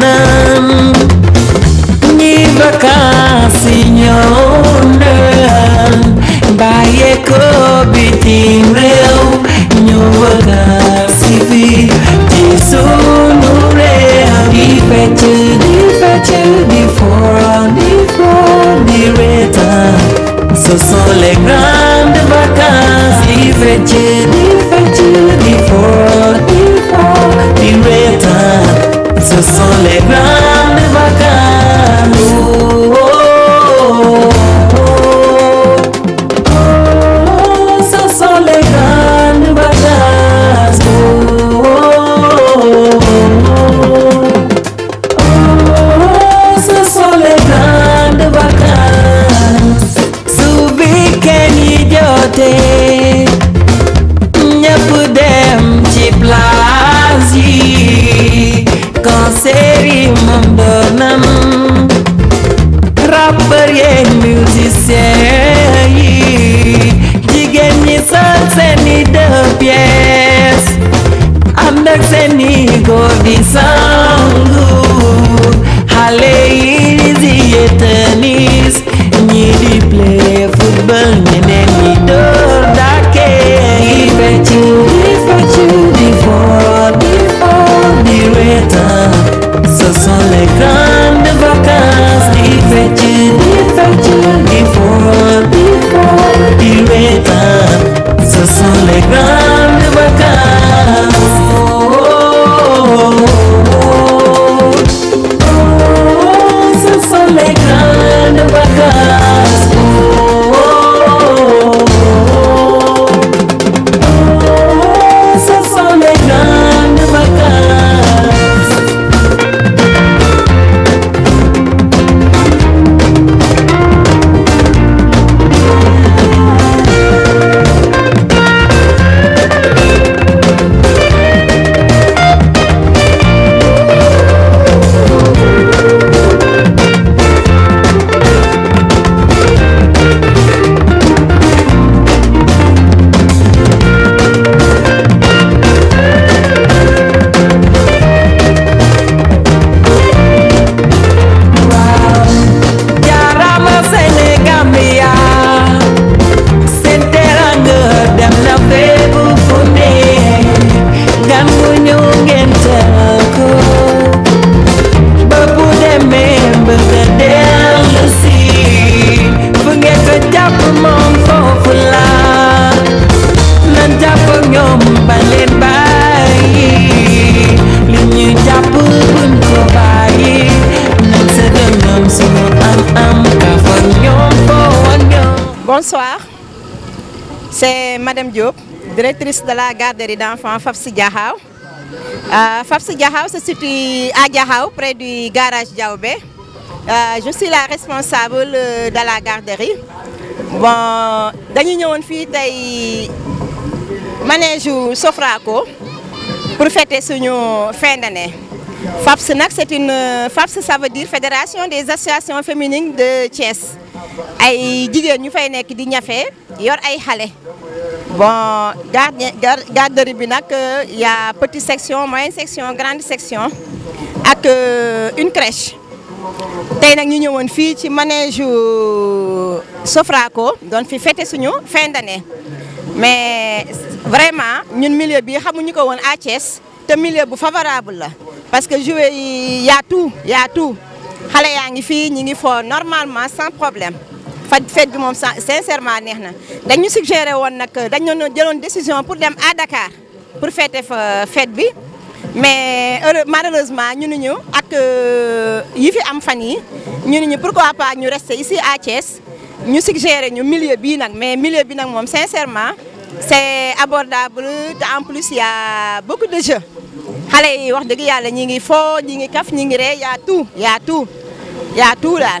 nan ni bakasi nyonan baye ko biting reu nyobakasi vi tisunu re di fetu di fetu di foran di foran di reta so so le grande vacances di fetu di Robinson Diop, directrice de la garderie d'enfants Fafsi Diahao. Euh, Fafsi Diahao se situe à Diahao, près du garage Diaobé. Euh, je suis la responsable euh, de la garderie. Bon, dañu ñëwoon fait un manège Sofraco pour fêter ce fin d'année. FAPS c'est une FAPS ça veut dire fédération des associations féminines de Thiès ay jigéen ñu fay nekk di ñafe yor ay Bon, gardien, garderie bi il y a petite section, moyenne section, grande section avec euh, une crèche. Nous avons ñu ñëwoon fii ci manège euh, Sofraco doon fi fêté suñu fin d'année mais vraiment ñun milieu bi xamuñu ko woon à Thiès milieu favorable parce que jouer il y a tout il y a tout xale yaa ngi fii ñi ngi normalement sans problème fait fecc bi sincèrement nehna na dañu suggéré woon nag dañu jëlone décision pour dem à Dakar pour fêter fa fête bi mais malheureusement ñu ni ñu ak euh, yi fi am fan yi ñu ni ñu pourquoi pas ñu rester ici à Thiès ñu suggéré ñu milieu bi nak mais milieu bi nak mom sincèrement c'est abordable en plus il y a beaucoup de jeux xalé yi wax deug yalla ñi ngi fo ñi ngi kaf ñi ngi il y a tout y a tout il y a tout là.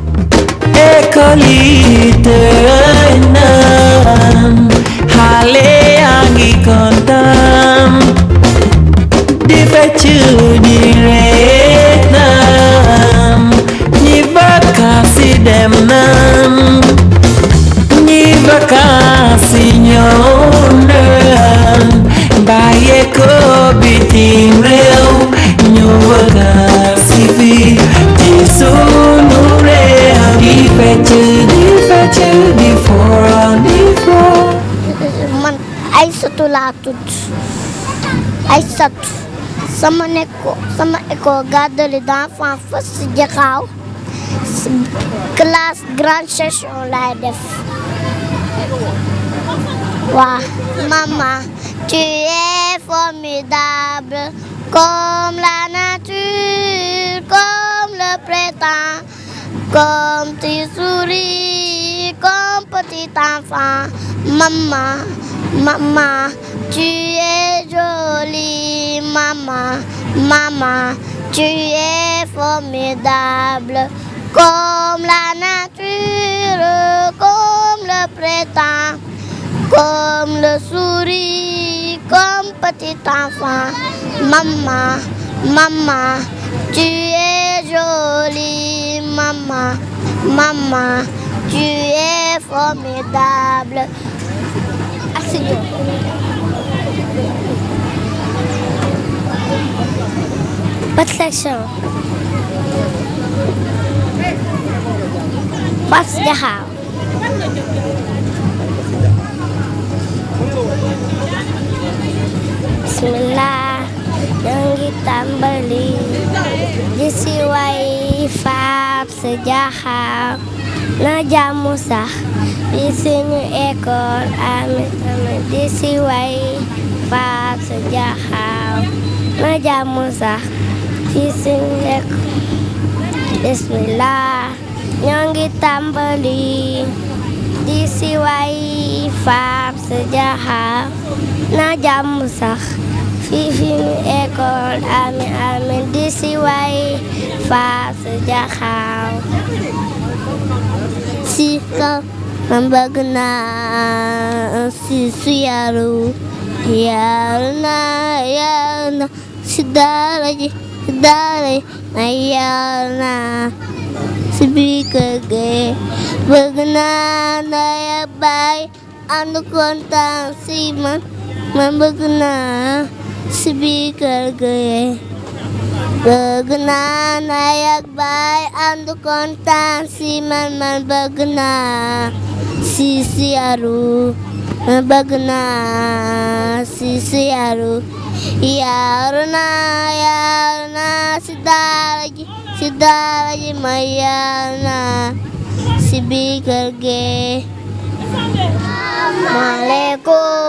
ekolite na tout classe maman tu es formidable comme la nature comme le printemps comme tes souris comme petit enfant maman Maman, tu es jolie, maman, maman, tu es formidable, comme la nature, comme le printemps, comme le sourire, comme petit enfant. Maman, maman, tu es jolie, maman, maman, tu es formidable. Pas What's pas house? Bismillah yang kita beli disiwai fab sejahat na jàmm sax di suñu école amit amit di na jàmm sax fi suñu ñoo ngi tàmbali di si way faak na jàmm sax fi suñu école amit amit di si kaw man bëgg naa si su yaru yaru naa yaru naa ji si ji na yaru naa si biir kër gi bëgg naa ndey ak baay ànd kontaan si man bëgg naa si biir kër gi Bergenang ayak bay andu kontan si man man bergenang si si aru eh, bergenang si si aru ya runa ya si sidaraji sidaraji mayana si bigerge Assalamualaikum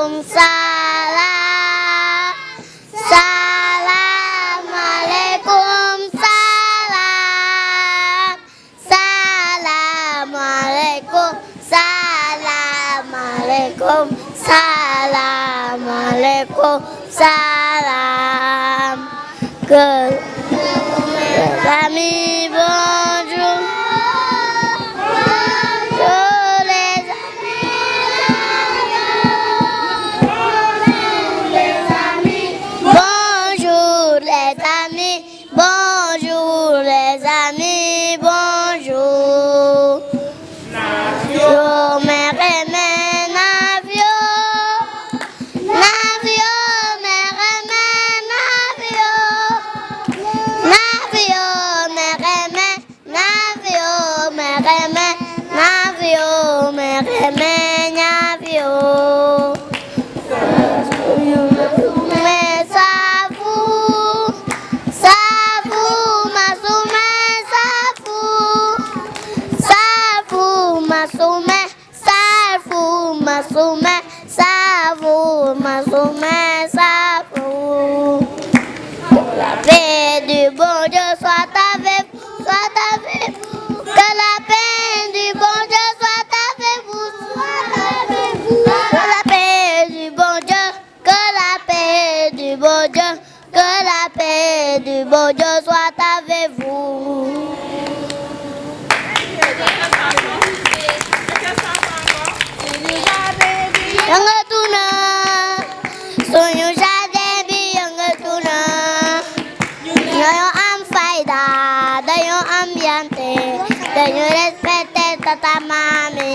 te ñu respecté tata maami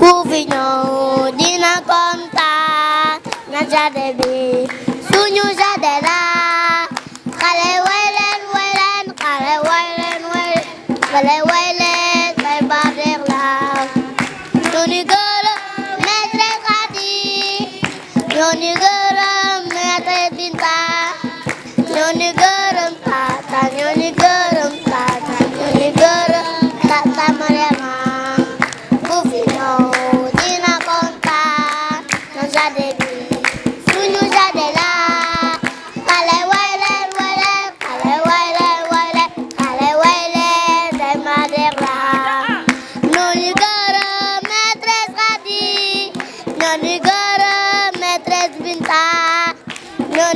ku fi ñëw